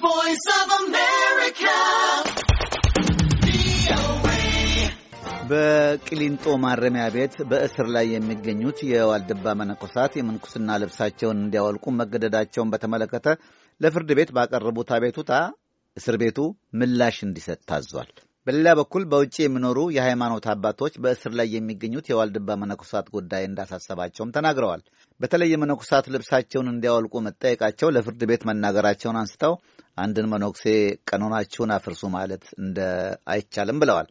Voice of America. በቅሊንጦ ማረሚያ ቤት በእስር ላይ የሚገኙት የዋልድባ መነኮሳት የምንኩስና ልብሳቸውን እንዲያወልቁ መገደዳቸውን በተመለከተ ለፍርድ ቤት ባቀረቡት አቤቱታ እስር ቤቱ ምላሽ እንዲሰጥ ታዟል። በሌላ በኩል በውጭ የሚኖሩ የሃይማኖት አባቶች በእስር ላይ የሚገኙት የዋልድባ መነኮሳት ጉዳይ እንዳሳሰባቸውም ተናግረዋል። በተለይ መነኮሳት ልብሳቸውን እንዲያወልቁ መጠየቃቸው ለፍርድ ቤት መናገራቸውን አንስተው አንድን መነኩሴ ቀኖናችሁን አፍርሱ ማለት እንደ አይቻልም ብለዋል።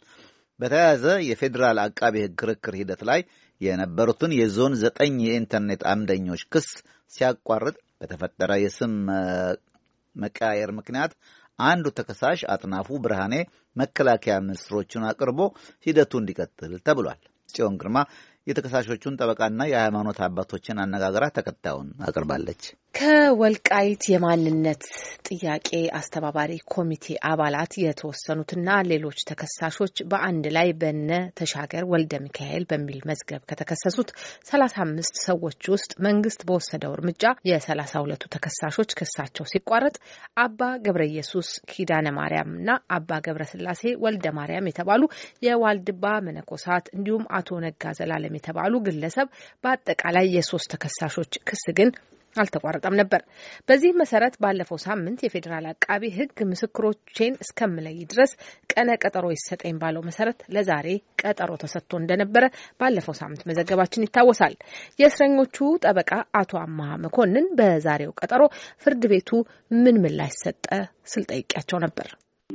በተያያዘ የፌዴራል አቃቢ ሕግ ክርክር ሂደት ላይ የነበሩትን የዞን ዘጠኝ የኢንተርኔት አምደኞች ክስ ሲያቋርጥ በተፈጠረ የስም መቀያየር ምክንያት አንዱ ተከሳሽ አጥናፉ ብርሃኔ መከላከያ ምስክሮቹን አቅርቦ ሂደቱ እንዲቀጥል ተብሏል። ጽዮን ግርማ የተከሳሾቹን ጠበቃና የሃይማኖት አባቶችን አነጋግራ ተከታዩን አቅርባለች። ከወልቃይት የማንነት ጥያቄ አስተባባሪ ኮሚቴ አባላት የተወሰኑትና ሌሎች ተከሳሾች በአንድ ላይ በነ ተሻገር ወልደ ሚካኤል በሚል መዝገብ ከተከሰሱት ሰላሳ አምስት ሰዎች ውስጥ መንግስት በወሰደው እርምጃ የሰላሳ ሁለቱ ተከሳሾች ክሳቸው ሲቋረጥ አባ ገብረ ኢየሱስ ኪዳነ እና አባ ገብረ ስላሴ ወልደ ማርያም የተባሉ የዋልድባ መነኮሳት እንዲሁም አቶ ነጋ ዘላለም የተባሉ ግለሰብ በአጠቃላይ የሶስት ተከሳሾች ክስ ግን አልተቋረጠም ነበር። በዚህ መሰረት ባለፈው ሳምንት የፌዴራል አቃቢ ሕግ ምስክሮቼን እስከምለይ ድረስ ቀነ ቀጠሮ ይሰጠኝ ባለው መሰረት ለዛሬ ቀጠሮ ተሰጥቶ እንደነበረ ባለፈው ሳምንት መዘገባችን ይታወሳል። የእስረኞቹ ጠበቃ አቶ አማሀ መኮንን በዛሬው ቀጠሮ ፍርድ ቤቱ ምን ምላሽ ሰጠ ስል ጠይቄያቸው ነበር።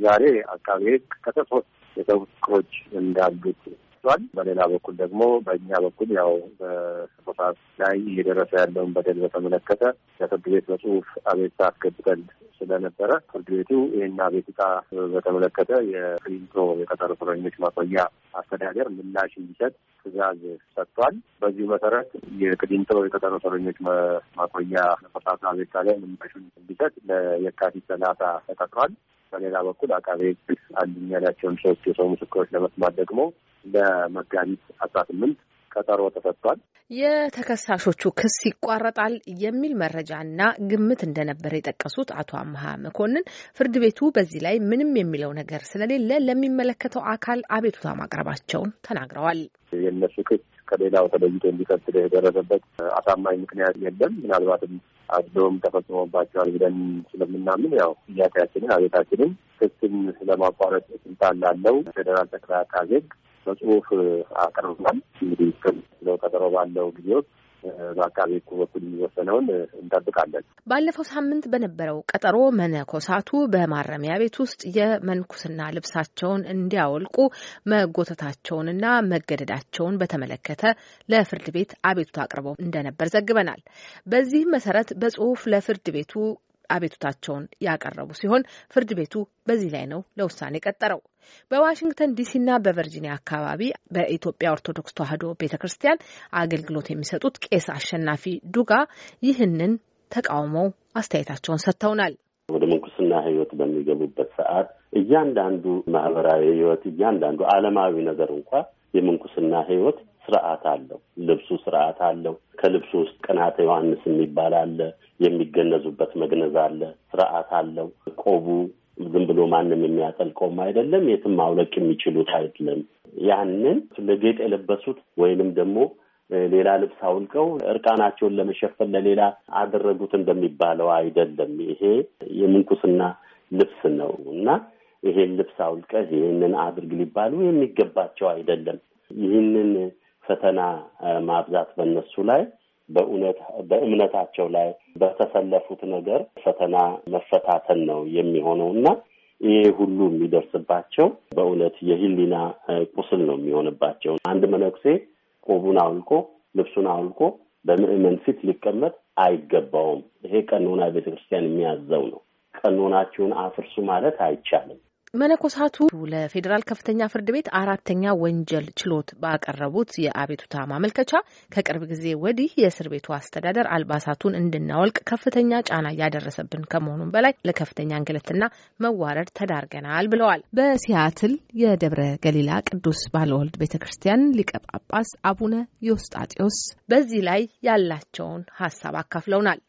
ዛሬ አቃቢ ሕግ ቀጠሮ የሰው ምስክሮች እንዳሉት ተከስቷል። በሌላ በኩል ደግሞ በእኛ በኩል ያው በስፖታ ላይ እየደረሰ ያለውን በደል በተመለከተ ለፍርድ ቤት በጽሁፍ አቤቱታ አስገብተን ስለነበረ ፍርድ ቤቱ ይህን አቤቱታ በተመለከተ የቅሊንጦ የቀጠሮ እስረኞች ማቆያ አስተዳደር ምላሽ እንዲሰጥ ትእዛዝ ሰጥቷል። በዚሁ መሰረት የቅሊንጦ የቀጠሮ እስረኞች ማቆያ ለቆሳሳ አቤቱታ ላይ ምላሹን እንዲሰጥ ለየካቲት ሰላሳ ተቀጥሯል። በሌላ በኩል አቃቤ ሕግ አሉኝ ያላቸውን ሰዎች የሰው ምስክሮች ለመስማት ደግሞ ለመጋቢት አስራ ስምንት ቀጠሮ ተሰጥቷል። የተከሳሾቹ ክስ ይቋረጣል የሚል መረጃና ግምት እንደነበረ የጠቀሱት አቶ አምሃ መኮንን ፍርድ ቤቱ በዚህ ላይ ምንም የሚለው ነገር ስለሌለ ለሚመለከተው አካል አቤቱታ ማቅረባቸውን ተናግረዋል። የእነሱ ክስ ከሌላው ተለይቶ እንዲቀጥል የደረሰበት አሳማኝ ምክንያት የለም። ምናልባትም አድሎም ተፈጽሞባቸዋል ብለን ስለምናምን ያው ጥያቄያችንን አቤታችንን ክስም ስለማቋረጥ ስልጣን ላለው ፌዴራል ጠቅላይ አቃቤ ሕግ በጽሁፍ አቅርበናል። እንግዲህ ቀጠሮ ባለው ጊዜ በአካባቢ ሕጉ በኩል የሚወሰነውን እንጠብቃለን። ባለፈው ሳምንት በነበረው ቀጠሮ መነኮሳቱ በማረሚያ ቤት ውስጥ የመንኩስና ልብሳቸውን እንዲያወልቁ መጎተታቸውንና መገደዳቸውን በተመለከተ ለፍርድ ቤት አቤቱታ አቅርበው እንደነበር ዘግበናል። በዚህም መሰረት በጽሁፍ ለፍርድ ቤቱ አቤቱታቸውን ያቀረቡ ሲሆን ፍርድ ቤቱ በዚህ ላይ ነው ለውሳኔ ቀጠረው። በዋሽንግተን ዲሲና በቨርጂኒያ አካባቢ በኢትዮጵያ ኦርቶዶክስ ተዋሕዶ ቤተ ክርስቲያን አገልግሎት የሚሰጡት ቄስ አሸናፊ ዱጋ ይህንን ተቃውመው አስተያየታቸውን ሰጥተውናል። ወደ ምንኩስና ህይወት በሚገቡበት ሰዓት እያንዳንዱ ማህበራዊ ህይወት እያንዳንዱ አለማዊ ነገር እንኳ የምንኩስና ህይወት ስርዓት አለው። ልብሱ ስርዓት አለው። ከልብሱ ውስጥ ቅናተ ዮሐንስ የሚባል አለ። የሚገነዙበት መግነዝ አለ፣ ስርዓት አለው። ቆቡ ዝም ብሎ ማንም የሚያጠልቀውም አይደለም፣ የትም ማውለቅ የሚችሉት አይደለም። ያንን ለጌጥ የለበሱት ወይንም ደግሞ ሌላ ልብስ አውልቀው እርቃናቸውን ለመሸፈን ለሌላ አደረጉት እንደሚባለው አይደለም። ይሄ የምንኩስና ልብስ ነው እና ይሄን ልብስ አውልቀህ ይህንን አድርግ ሊባሉ የሚገባቸው አይደለም። ይህንን ፈተና ማብዛት በነሱ ላይ በእውነት በእምነታቸው ላይ በተሰለፉት ነገር ፈተና መፈታተን ነው የሚሆነው እና ይሄ ሁሉ የሚደርስባቸው በእውነት የህሊና ቁስል ነው የሚሆንባቸው። አንድ መነኩሴ ቆቡን አውልቆ ልብሱን አውልቆ በምዕመን ፊት ሊቀመጥ አይገባውም። ይሄ ቀኖና ቤተክርስቲያን የሚያዘው ነው። ቀኖናችሁን አፍርሱ ማለት አይቻልም። መነኮሳቱ ለፌዴራል ከፍተኛ ፍርድ ቤት አራተኛ ወንጀል ችሎት ባቀረቡት የአቤቱታ ማመልከቻ ከቅርብ ጊዜ ወዲህ የእስር ቤቱ አስተዳደር አልባሳቱን እንድናወልቅ ከፍተኛ ጫና እያደረሰብን ከመሆኑም በላይ ለከፍተኛ እንግልትና መዋረድ ተዳርገናል ብለዋል። በሲያትል የደብረ ገሊላ ቅዱስ ባለወልድ ቤተ ክርስቲያን ሊቀ ጳጳስ አቡነ ዮስጣጢዮስ በዚህ ላይ ያላቸውን ሀሳብ አካፍለውናል።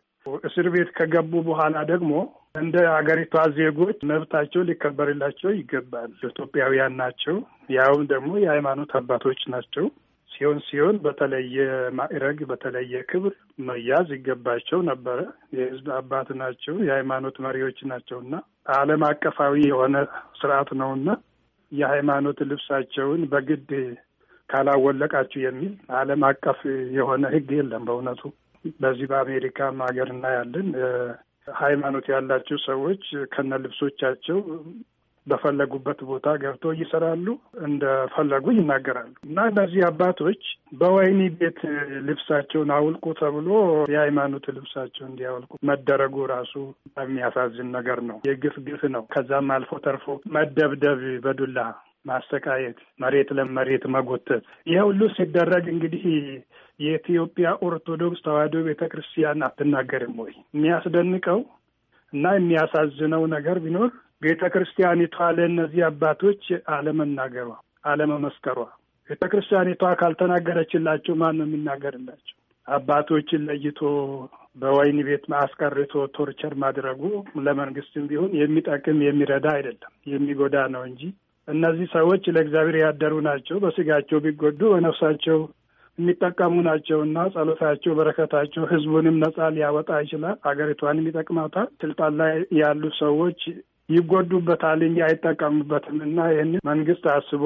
እስር ቤት ከገቡ በኋላ ደግሞ እንደ ሀገሪቷ ዜጎች መብታቸው ሊከበርላቸው ይገባል። ኢትዮጵያውያን ናቸው፣ ያውም ደግሞ የሃይማኖት አባቶች ናቸው። ሲሆን ሲሆን በተለየ ማዕረግ በተለየ ክብር መያዝ ይገባቸው ነበረ። የህዝብ አባት ናቸው፣ የሃይማኖት መሪዎች ናቸው እና ዓለም አቀፋዊ የሆነ ስርዓት ነውና የሃይማኖት ልብሳቸውን በግድ ካላወለቃችሁ የሚል ዓለም አቀፍ የሆነ ህግ የለም። በእውነቱ በዚህ በአሜሪካም ሀገር እናያለን። ሃይማኖት ያላቸው ሰዎች ከነ ልብሶቻቸው በፈለጉበት ቦታ ገብቶ ይሰራሉ፣ እንደፈለጉ ይናገራሉ። እና እነዚህ አባቶች በወህኒ ቤት ልብሳቸውን አውልቁ ተብሎ የሃይማኖት ልብሳቸው እንዲያውልቁ መደረጉ ራሱ የሚያሳዝን ነገር ነው። የግፍ ግፍ ነው። ከዛም አልፎ ተርፎ መደብደብ በዱላ ማሰቃየት፣ መሬት ለመሬት መጎተት ይህ ሁሉ ሲደረግ እንግዲህ የኢትዮጵያ ኦርቶዶክስ ተዋሕዶ ቤተ ክርስቲያን አትናገርም ወይ? የሚያስደንቀው እና የሚያሳዝነው ነገር ቢኖር ቤተ ክርስቲያኒቷ ለእነዚህ አባቶች አለመናገሯ፣ አለመመስከሯ። ቤተ ክርስቲያኒቷ ካልተናገረችላቸው ማን ነው የሚናገርላቸው? አባቶችን ለይቶ በወይን ቤት አስቀርቶ ቶርቸር ማድረጉ ለመንግስትም ቢሆን የሚጠቅም የሚረዳ አይደለም፣ የሚጎዳ ነው እንጂ እነዚህ ሰዎች ለእግዚአብሔር ያደሩ ናቸው። በስጋቸው ቢጎዱ በነፍሳቸው የሚጠቀሙ ናቸው እና ጸሎታቸው፣ በረከታቸው ህዝቡንም ነጻ ሊያወጣ ይችላል፣ አገሪቷንም ይጠቅማታል። ስልጣን ላይ ያሉ ሰዎች ይጎዱበታል እንጂ አይጠቀሙበትም እና ይህን መንግስት አስቦ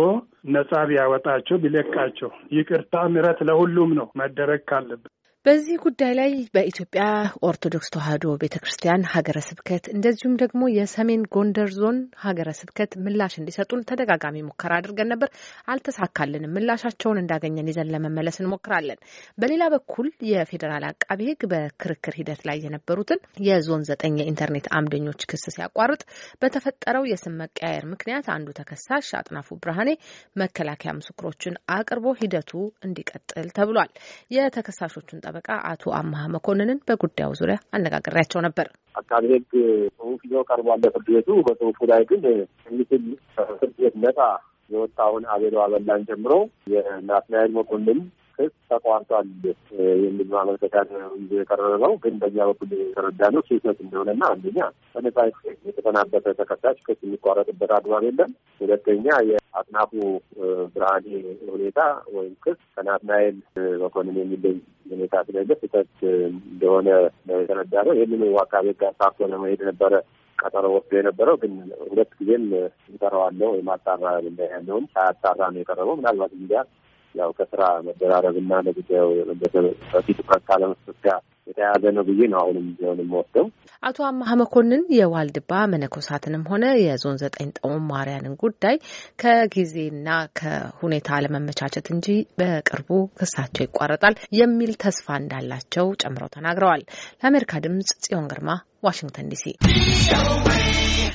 ነጻ ቢያወጣቸው ቢለቃቸው፣ ይቅርታ ምሕረት ለሁሉም ነው መደረግ ካለበት በዚህ ጉዳይ ላይ በኢትዮጵያ ኦርቶዶክስ ተዋሕዶ ቤተ ክርስቲያን ሀገረ ስብከት እንደዚሁም ደግሞ የሰሜን ጎንደር ዞን ሀገረ ስብከት ምላሽ እንዲሰጡን ተደጋጋሚ ሙከራ አድርገን ነበር። አልተሳካልንም። ምላሻቸውን እንዳገኘን ይዘን ለመመለስ እንሞክራለን። በሌላ በኩል የፌዴራል አቃቤ ሕግ በክርክር ሂደት ላይ የነበሩትን የዞን ዘጠኝ የኢንተርኔት አምደኞች ክስ ሲያቋርጥ በተፈጠረው የስም መቀያየር ምክንያት አንዱ ተከሳሽ አጥናፉ ብርሃኔ መከላከያ ምስክሮችን አቅርቦ ሂደቱ እንዲቀጥል ተብሏል። የተከሳሾቹን ጠበቃ አቶ አማሀ መኮንንን በጉዳዩ ዙሪያ አነጋግሬያቸው ነበር። አካባቢ ህግ ጽሁፍ ይዞ ቀርቧል ፍርድ ቤቱ። በጽሁፉ ላይ ግን ምትል ፍርድ ቤት ነጻ የወጣውን አቤሎ አበላን ጀምሮ የናትናኤል መኮንን ክስ ተቋርጧል የሚል ማመልከቻ የቀረበ ነው። ግን በዚያ በኩል ነው ስህተት እንደሆነና አንደኛ በነጻ የተሰናበተ ተከሳሽ ክስ የሚቋረጥበት አግባብ የለም። ሁለተኛ የአጥናፉ ብርሃኔ ሁኔታ ወይም ክስ ከናትናኤል መኮንን የሚለይ ሁኔታ ስለሌለ ስህተት እንደሆነ ነው። ይህንን አካባቢ ጋር ሳኮ ለመሄድ ነበረ ቀጠሮ ወስዶ የነበረው ግን ሁለት ጊዜም ይጠራዋለሁ ወይም አጣራ ያለውን ሳያጣራ ነው የቀረበው ምናልባት እንዲያ ያው ከስራ መደራረብና ለጉዳዩ በፊት ትኩረት ካለመስጠት ጋር የተያያዘ ነው ብዬ ነው አሁንም ቢሆን የምወስደው። አቶ አማሀ መኮንን የዋልድባ መነኮሳትንም ሆነ የዞን ዘጠኝ ማርያንን ጉዳይ ከጊዜና ከሁኔታ አለመመቻቸት እንጂ በቅርቡ ክሳቸው ይቋረጣል የሚል ተስፋ እንዳላቸው ጨምረው ተናግረዋል። ለአሜሪካ ድምጽ ጽዮን ግርማ ዋሽንግተን ዲሲ